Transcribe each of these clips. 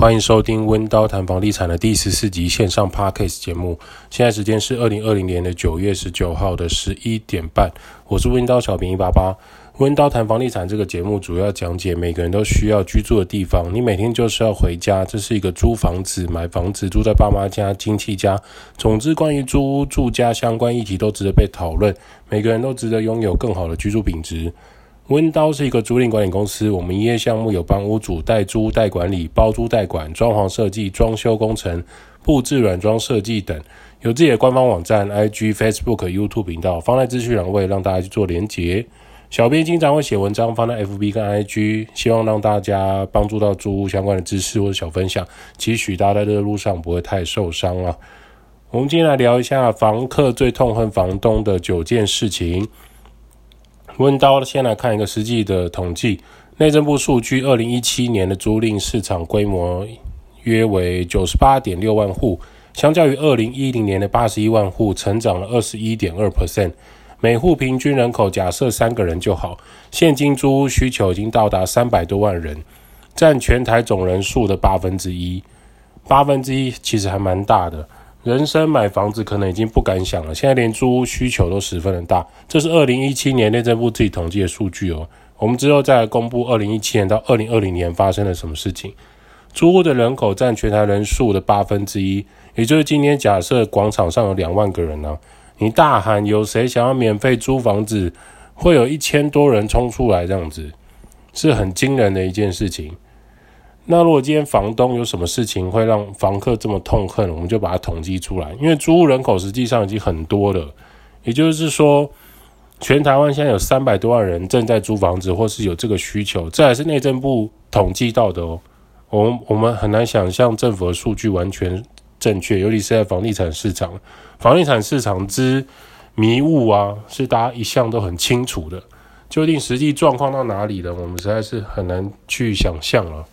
歡迎收聽溫叨談房地產的第十四集線上 Podcast 節目。現在時間是二零二零年的九月十九號的十一點半。我是溫叨小兵一八八。溫叨談房地產這個節目主要講解每個人都需要居住的地方。你每天就是要回家，這是一個租房子、買房子、住在爸媽家、親戚家。總之，關於租屋、住家相關議題都值得被討論。每個人都值得擁有更好的居住品質。溫叨是一個租賃管理公司，我們營業項目有幫屋主代租代管理、包租代管、裝潢設計、裝修工程、佈置軟裝設計等，有自己的官方網站、IG、Facebook、YouTube 頻道，放在資訊欄位讓大家去做連結。小編經常會寫文章放在 FB 跟 IG，希望讓大家幫助到租屋相關的知識或者小分享，期許大家在這路上不會太受傷了、啊。我們今天來聊一下房客最痛恨房東的九件事情。溫叨先來看一個實際的統計，內政部數據，二零一七年的租賃市場規模約為九十八點六萬戶，相較於二零一零年的八十一萬戶，成長了二十一點二 percent。每戶平均人口假設三個人就好，現今租屋需求已經到達三百多萬人，佔全台總人數的八分之一，八分之一其實還蠻大的。人生買房子可能已經不敢想了，現在連租屋需求都十分的大，這是二零一七年內政部自己統計的數據哦。我們之後再來公布二零一七年到二零二零年發生了什麼事情。租屋的人口占全台人數的八分之一，也就是今天假設廣場上有兩萬個人呢、啊，你大喊有誰想要免費租房子，會有一千多人衝出來，這樣子是很驚人的一件事情。那如果今天房東有什麼事情會讓房客這麼痛恨，我們就把它統計出來。因為租屋人口實際上已經很多了，也就是說，全台灣現在有三百多萬人正在租房子或是有這個需求，這還是內政部統計到的哦。我們我們很難想象政府的數據完全正確，尤其是在房地產市場，房地產市場之迷霧啊，是大家一向都很清楚的，究竟實際狀況到哪裡呢？我們實在是很難去想象了。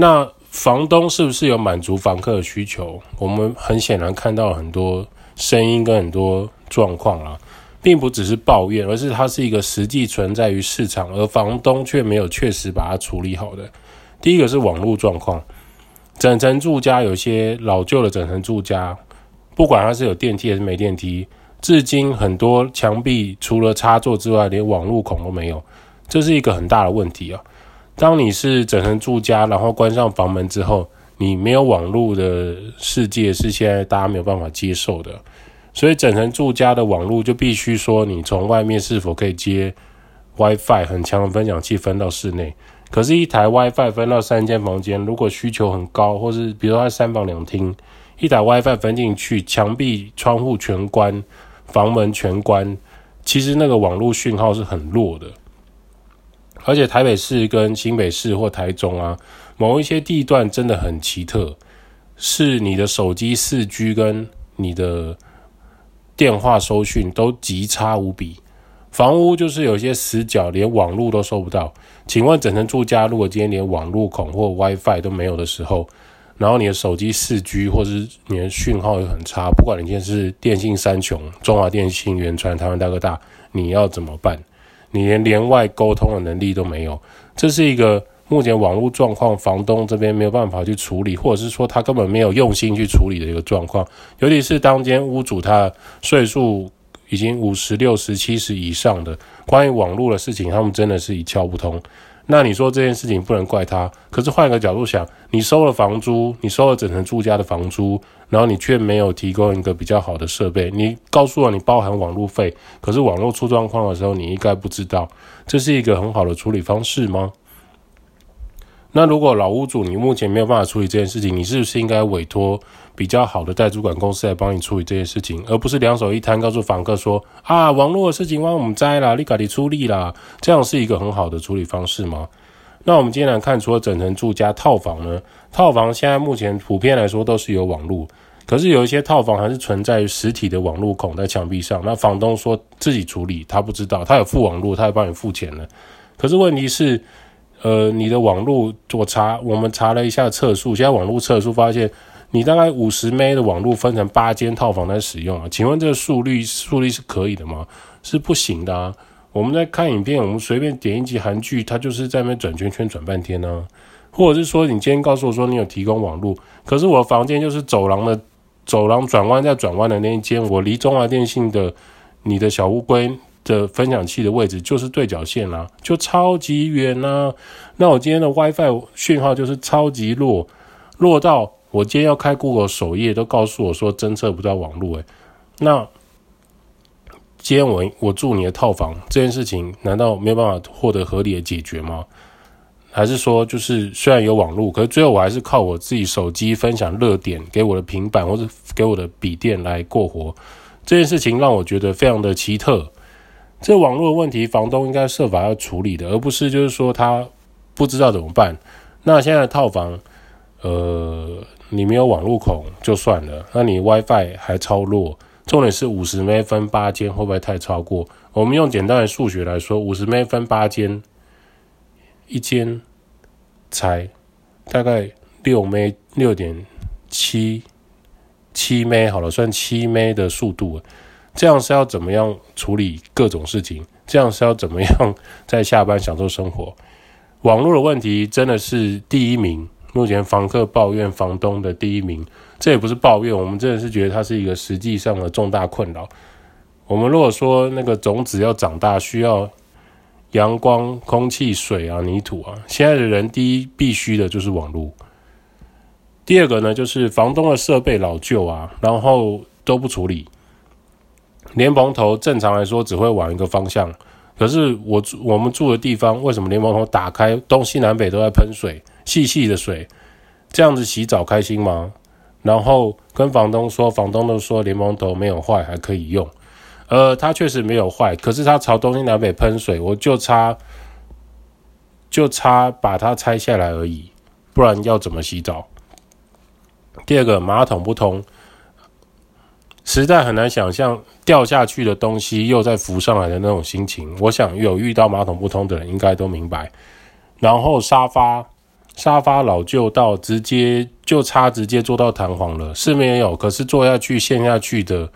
那房東是不是有滿足房客的需求？我們很顯然看到很多聲音跟很多狀況啊，並不只是抱怨，而是它是一個實際存在於市場，而房東卻沒有確實把它處理好的。第一個是網絡狀況，整層住家，有些老舊的整層住家，不管它是有電梯還是沒電梯，至今很多牆壁除了插座之外，連網絡孔都沒有，這是一個很大的問題啊。當你是整層住家，然後關上房門之後，你沒有網絡的世界是現在大家沒有辦法接受的。所以整層住家的網絡就必須說，你從外面是否可以接 WiFi 很強的分享器分到室內。可是，一台 WiFi 分到三間房間，如果需求很高，或是比如說三房兩廳，一台 WiFi 分進去，牆壁、窗戶全關，房門全關，其實那個網絡訊號是很弱的。而且台北市跟新北市或台中啊，某一些地段真的很奇特，是你的手機四 G 跟你的電話收訊都極差無比，房屋就是有些死角，連網絡都收不到。請問整層住家如果今天連網絡孔或 WiFi 都沒有的時候，然後你的手機四 G 或是你的訊號也很差，不管你今天是電信三雄、中華電信、遠傳，台灣大哥大，你要怎麼辦？你連連外溝通的能力都沒有，這是一個目前網絡狀況，房東這邊沒有辦法去處理，或者是說他根本沒有用心去處理的一個狀況。尤其是當間屋主他歲數已經五十、六十、七十以上的，關於網絡的事情，他們真的是一竅不通。那你說這件事情不能怪他，可是換一個角度想，你收了房租，你收了整層住家的房租，然後你卻沒有提供一個比較好的設備，你告訴我你包含網絡費，可是網絡出狀況的時候你一概不知道，這是一個很好的處理方式嗎？那如果老屋主，你目前沒有辦法處理這件事情，你是不是應該委託比較好的代主管公司來幫你處理這件事情，而不是兩手一攤告訴房客說，啊網絡的事情幫我們摘了，你趕緊處理了，這樣是一個很好的處理方式嗎？那我們今天來看，除了整層住家套房呢，套房現在目前普遍來說都是有網絡，可是有一些套房還是存在於實體的網絡孔在牆壁上，那房東說自己處理，他不知道，他有付網絡，他要幫你付錢了，可是問題是。呃，你的網絡，我查，我們查了一下測速，現在網絡測速發現，你大概五十 M 的網絡分成八間套房在使用啊，請問這個速率，速率是可以的嗎？是不行的啊！我們在看影片，我們隨便點一集韓劇，它就是在那邊轉圈圈轉半天呢、啊，或者是說你今天告訴我說你有提供網絡，可是我的房間就是走廊的走廊轉彎再轉彎的那一間，我離中華電信的你的小烏龜。的分享器的位置就是對角線啦、啊，就超級遠吶。那我今天的 WiFi 訊號就是超級弱，弱到我今天要開 Google 首頁都告訴我說偵測不到網絡。誒。那今天我我住你的套房這件事情，難道沒有辦法獲得合理的解決嗎？還是說就是雖然有網絡，可是最後我還是靠我自己手機分享熱點給我的平板或者給我的筆電來過活？這件事情讓我覺得非常的奇特。這網絡問題，房東應該設法要處理的，而不是就是說他不知道怎麼辦。那現在的套房，呃，你沒有網絡孔就算了，那你 WiFi 還超弱，重點是五十 Mbps 分八間會不會太超過？我們用簡單的數學來說，五十 Mbps 分八間，一間才大概六 Mbps，六點七七 Mbps 好了，算七 Mbps 的速度。這樣是要怎麼樣處理各種事情？這樣是要怎麼樣在下班享受生活？網絡的問題真的是第一名，目前房客抱怨房東的第一名。這也不是抱怨，我們真的是覺得它是一個實際上的重大困擾。我們如果說那個種子要長大，需要陽光、空氣、水啊、泥土啊。現在的人第一必須的就是網絡。第二個呢，就是房東的設備老舊啊，然後都不處理。蓮蓬頭正常來說只會往一個方向，可是我住我們住的地方，為什麼蓮蓬頭打開東西南北都在噴水，細細的水，這樣子洗澡開心嗎？然後跟房東說，房東都說蓮蓬頭沒有壞，還可以用。呃，它確實沒有壞，可是它朝東西南北噴水，我就差就差把它拆下來而已，不然要怎麼洗澡？第二個，馬桶不通。實在很難想象掉下去的東西又再浮上來的那種心情。我想有遇到馬桶不通的人應該都明白。然後沙發，沙發老舊到直接就差直接坐到彈簧了，是沒有，可是坐下去陷下去的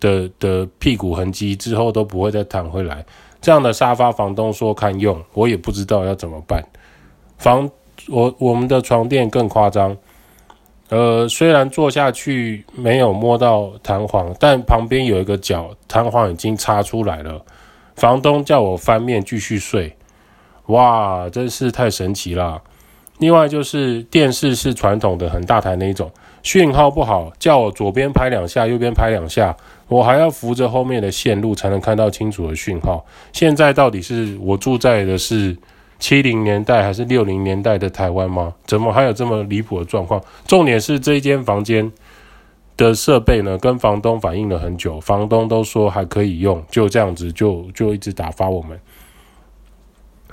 的的，的屁股痕跡之後都不會再彈回來。這樣的沙發，房東說堪用，我也不知道要怎麼辦。房我我們的床墊更誇張。呃，雖然坐下去沒有摸到彈簧，但旁邊有一個角，彈簧已經插出來了。房東叫我翻面繼續睡，哇，真是太神奇了。另外就是電視是傳統的很大台那一種，訊號不好，叫我左邊拍兩下，右邊拍兩下，我還要扶着後面的線路才能看到清楚的訊號。現在到底是我住在的是？七零年代還是六零年代的台灣嗎？怎麼還有這麼離譜的狀況？重點是這間房間的設備呢，跟房東反映了很久，房東都說還可以用，就這樣子就就一直打發我們。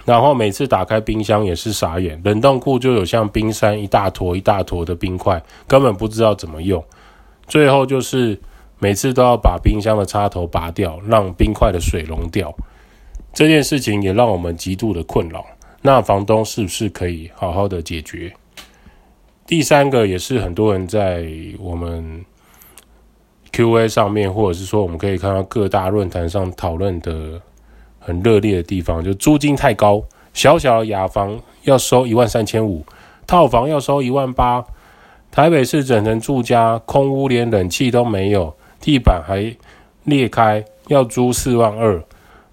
然後每次打開冰箱也是傻眼，冷凍庫就有像冰山一大坨一大坨的冰塊，根本不知道怎麼用。最後就是每次都要把冰箱的插頭拔掉，讓冰塊的水融掉。這件事情也讓我們極度的困擾。那房東是不是可以好好的解決？第三個也是很多人在我們 QA 上面，或者是說我們可以看到各大論壇上討論的很熱烈的地方，就租金太高。小小的雅房要收一萬三千五，套房要收一萬八。台北市整層住家，空屋連冷氣都沒有，地板還裂開，要租四萬二。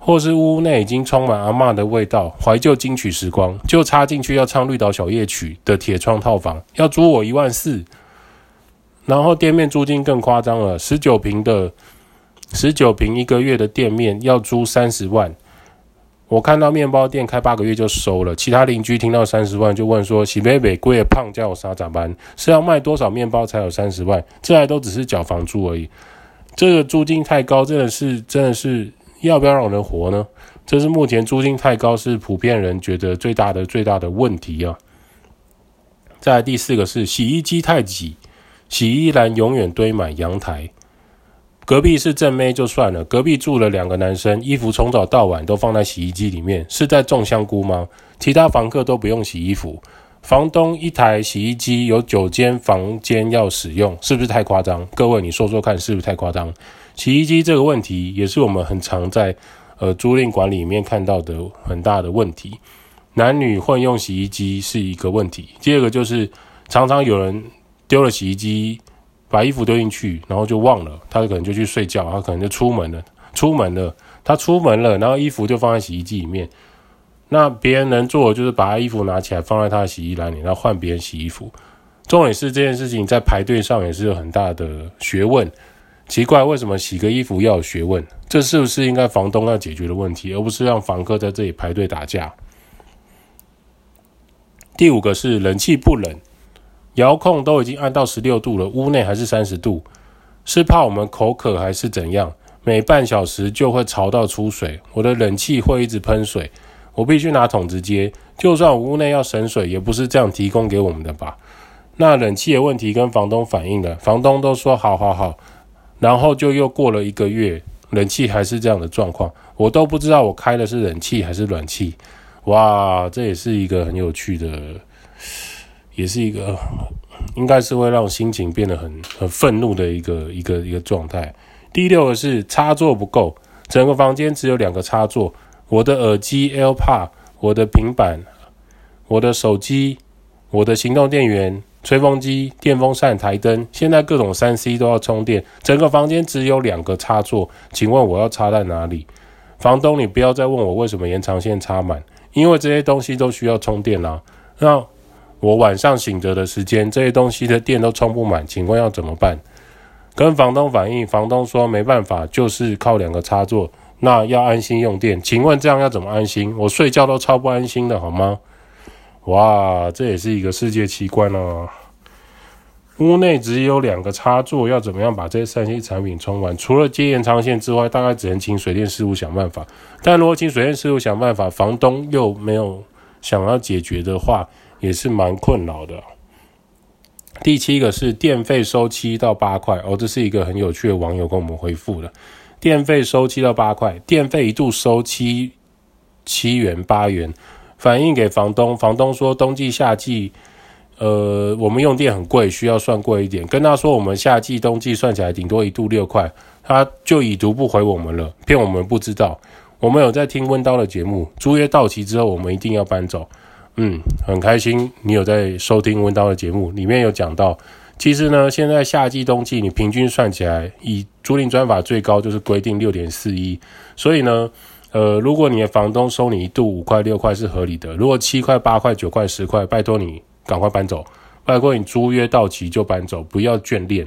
或是屋內已經充滿阿嬤的味道，懷舊金曲時光，就插進去要唱《綠島小夜曲》的鐵窗套房，要租我一萬四。然後店面租金更誇張了，十九坪的，十九坪一個月的店面要租三十萬。我看到麵包店開八個月就收了，其他鄰居聽到三十萬就問說：“喜貝北貴的胖叫我啥？咋辦？是要賣多少麵包才有三十萬？這還都只是繳房租而已，這個租金太高，真的是，真的是。”要不要讓人活呢？這是目前租金太高，是普遍人覺得最大的最大的問題啊。再來第四個是洗衣機太擠，洗衣籃永遠堆滿陽台。隔壁是正妹就算了，隔壁住了兩個男生，衣服從早到晚都放在洗衣機裡面，是在種香菇嗎？其他房客都不用洗衣服，房東一台洗衣機有九間房間要使用，是不是太誇張？各位你說說看，是不是太誇張？洗衣機這個問題也是我們很常在呃租賃管理裡面看到的很大的問題。男女混用洗衣機是一個問題。第二個就是常常有人丟了洗衣機，把衣服丟進去，然後就忘了，他可能就去睡覺，他可能就出門了。出門了，他出門了，然後衣服就放在洗衣機裡面。那別人能做的就是把他衣服拿起來放在他的洗衣籃裡，然後換別人洗衣服。重點是這件事情在排隊上也是有很大的學問。奇怪，為什麼洗個衣服要有學問？這是不是應該房東要解決的問題，而不是讓房客在這裡排隊打架？第五個是冷氣不冷，遙控都已經按到十六度了，屋內還是三十度，是怕我們口渴還是怎樣？每半小時就會潮到出水，我的冷氣會一直噴水，我必須拿桶子接。就算我屋內要省水，也不是這樣提供給我們的吧？那冷氣的問題跟房東反映了，房東都說好,好,好，好，好。然後就又過了一個月，冷氣還是這樣的狀況，我都不知道我開的是冷氣還是暖氣。哇，這也是一個很有趣的，也是一個應該是會讓心情變得很很憤怒的一個一個一個狀態。第六個是插座不夠，整個房間只有兩個插座，我的耳機、AirPods、我的平板、我的手機、我的行動電源。吹風機、電風扇、檯燈，現在各種三 C 都要充電，整個房間只有兩個插座，請問我要插在哪裡？房東，你不要再問我為什麼延長線插滿，因為這些東西都需要充電啦、啊。那我晚上醒着的時間，這些東西的電都充不滿，請問要怎麼辦？跟房東反映，房東說沒辦法，就是靠兩個插座，那要安心用電，請問這樣要怎麼安心？我睡覺都超不安心的，好嗎？哇，這也是一個世界奇觀哦、啊！屋內只有兩個插座，要怎麼樣把這些 3C 產品充完？除了接延長線之外，大概只能請水電師傅想辦法。但如果請水電師傅想辦法，房東又沒有想要解決的話，也是蠻困擾的。第七個是電費收七到八塊哦，這是一個很有趣的網友跟我們回復的：電費收七到八塊，電費一度收七七元八元。反映給房東，房東說冬季、夏季，呃，我們用電很貴，需要算貴一點。跟他說我們夏季、冬季算起來頂多一度六塊，他就已讀不回我們了，騙我們不知道。我們有在聽溫叨的節目，租約到期之後我們一定要搬走。嗯，很開心你有在收聽溫叨的節目，裡面有講到，其實呢，現在夏季、冬季你平均算起來，以租賃專法最高就是規定六點四一，所以呢。呃，如果你的房東收你一度五塊六塊是合理的，如果七塊八塊九塊十塊，拜託你趕快搬走，拜託你租約到期就搬走，不要眷戀。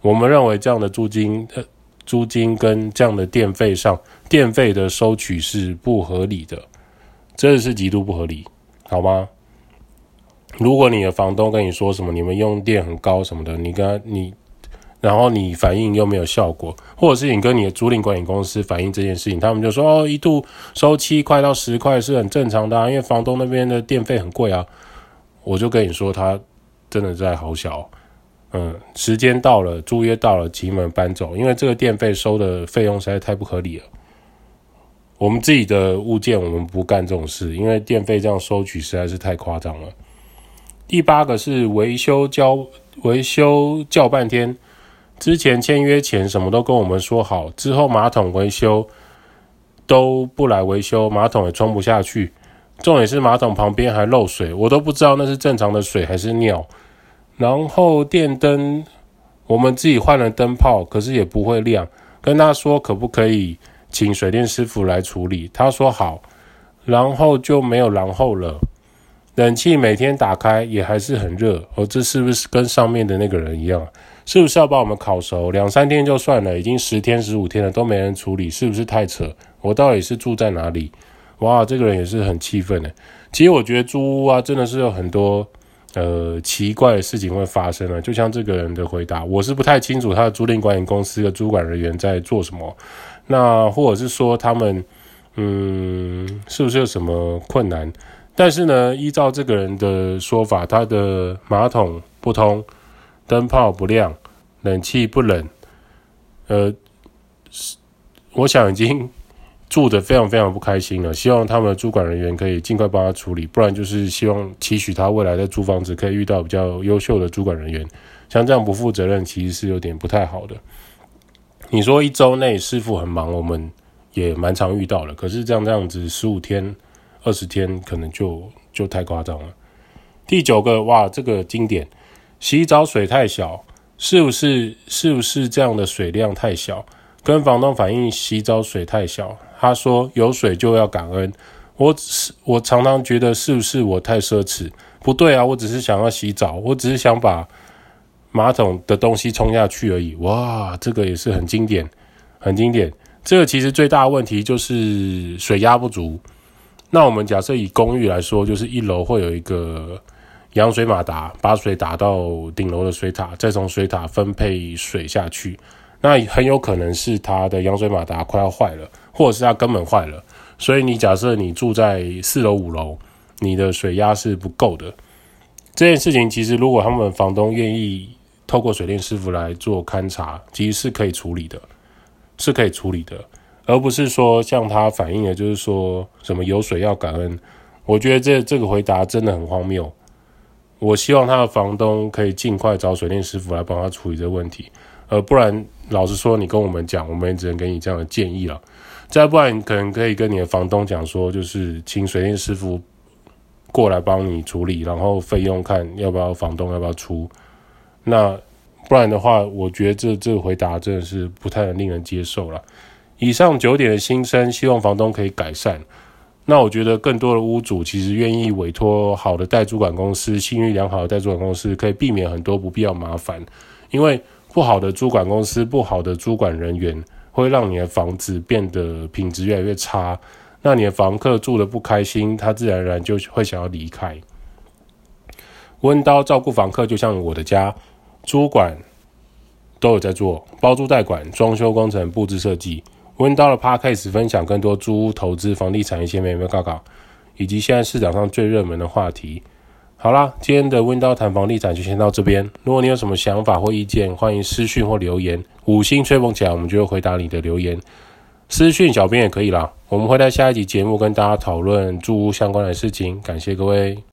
我們認為這樣的租金，呃，租金跟這樣的電費上，電費的收取是不合理的，真的是極度不合理，好嗎？如果你的房東跟你說什麼，你們用電很高什麼的，你跟他你。然後你反映又沒有效果，或者是你跟你的租賃管理公司反映這件事情，他們就說：“哦，一度收七塊到十塊是很正常的，啊，因為房東那邊的電費很貴啊。”我就跟你說，他真的在好小，嗯，時間到了，租約到了，急門搬走，因為這個電費收的費用實在太不合理了。我們自己的物件，我們不幹這種事，因為電費這樣收取實在是太誇張了。第八個是維修交維修叫半天。之前簽約前什麼都跟我們說好，之後馬桶維修都不來維修，馬桶也沖不下去。重點是馬桶旁邊還漏水，我都不知道那是正常的水還是尿。然後電燈我們自己換了燈泡，可是也不會亮。跟他說可不可以請水電師傅來處理，他說好，然後就沒有然後了。冷氣每天打開也還是很熱，哦，這是不是跟上面的那個人一樣？是不是要把我們烤熟？兩三天就算了，已經十天十五天了，都沒人處理，是不是太扯？我到底是住在哪裡？哇，這個人也是很氣憤的。其實我覺得租屋啊，真的是有很多呃奇怪的事情會發生了啊。就像這個人的回答，我是不太清楚他的租賃管理公司的主管人員在做什麼，那或者是說他們嗯，是不是有什麼困難？但是呢，依照這個人的說法，他的馬桶不通。燈泡不亮，冷氣不冷，呃，我想已經住得非常非常不開心了。希望他們的主管人員可以尽快幫他處理，不然就是希望期許他未來的租房子可以遇到比較優秀的主管人員。像這樣不負責任，其實是有點不太好的。你說一周內師傅很忙，我們也蠻常遇到了，可是這樣這樣子十五天、二十天，可能就就太誇張了。第九個，哇，這個經典。洗澡水太小，是不是？是不是這樣的水量太小？跟房東反映洗澡水太小，他說有水就要感恩。我，我常常覺得是不是我太奢侈？不對啊，我只是想要洗澡，我只是想把馬桶的東西沖下去而已。哇，這個也是很經典，很經典。這個其實最大的問題就是水壓不足。那我們假設以公寓來說，就是一樓會有一個。揚水馬達把水打到頂樓的水塔，再從水塔分配水下去。那很有可能是它的揚水馬達快要壞了，或者是它根本壞了。所以你假設你住在四樓五樓，你的水壓是不夠的。這件事情其實如果他們房東願意透過水電師傅來做勘察，其實是可以處理的，是可以處理的，而不是說像他反映的，就是說什麼有水要感恩。我覺得這這個回答真的很荒謬。我希望他的房東可以盡快找水電師傅來幫他處理這個問題，呃，不然老實說，你跟我們講，我們也只能給你這樣的建議了。再不然，你可能可以跟你的房東講說，就是請水電師傅過來幫你處理，然後費用看要不要房東要不要出。那不然的話，我覺得這這個回答真的是不太能令人接受了。以上九點的心聲，希望房東可以改善。那我覺得，更多的屋主其實願意委托好的代租管公司，信譽良好的代租管公司，可以避免很多不必要麻煩。因為不好的租管公司、不好的租管人員，會讓你的房子變得品質越來越差。那你的房客住得不開心，他自然而然就會想要離開。溫叨照顧房客，就像我的家，租管都有在做，包租代管、裝修工程、布置設計。溫叨的 Podcast 分享，更多租屋投資房地產一些買賣報告，以及現在市場上最熱門的話題。好啦，今天的溫叨談房地產就先到這邊。如果你有什麼想法或意見，歡迎私訊或留言，五星吹捧起來我們就會回答你的留言。私訊小編也可以啦，我們會在下一集節目跟大家討論租屋相關的事情。感謝各位。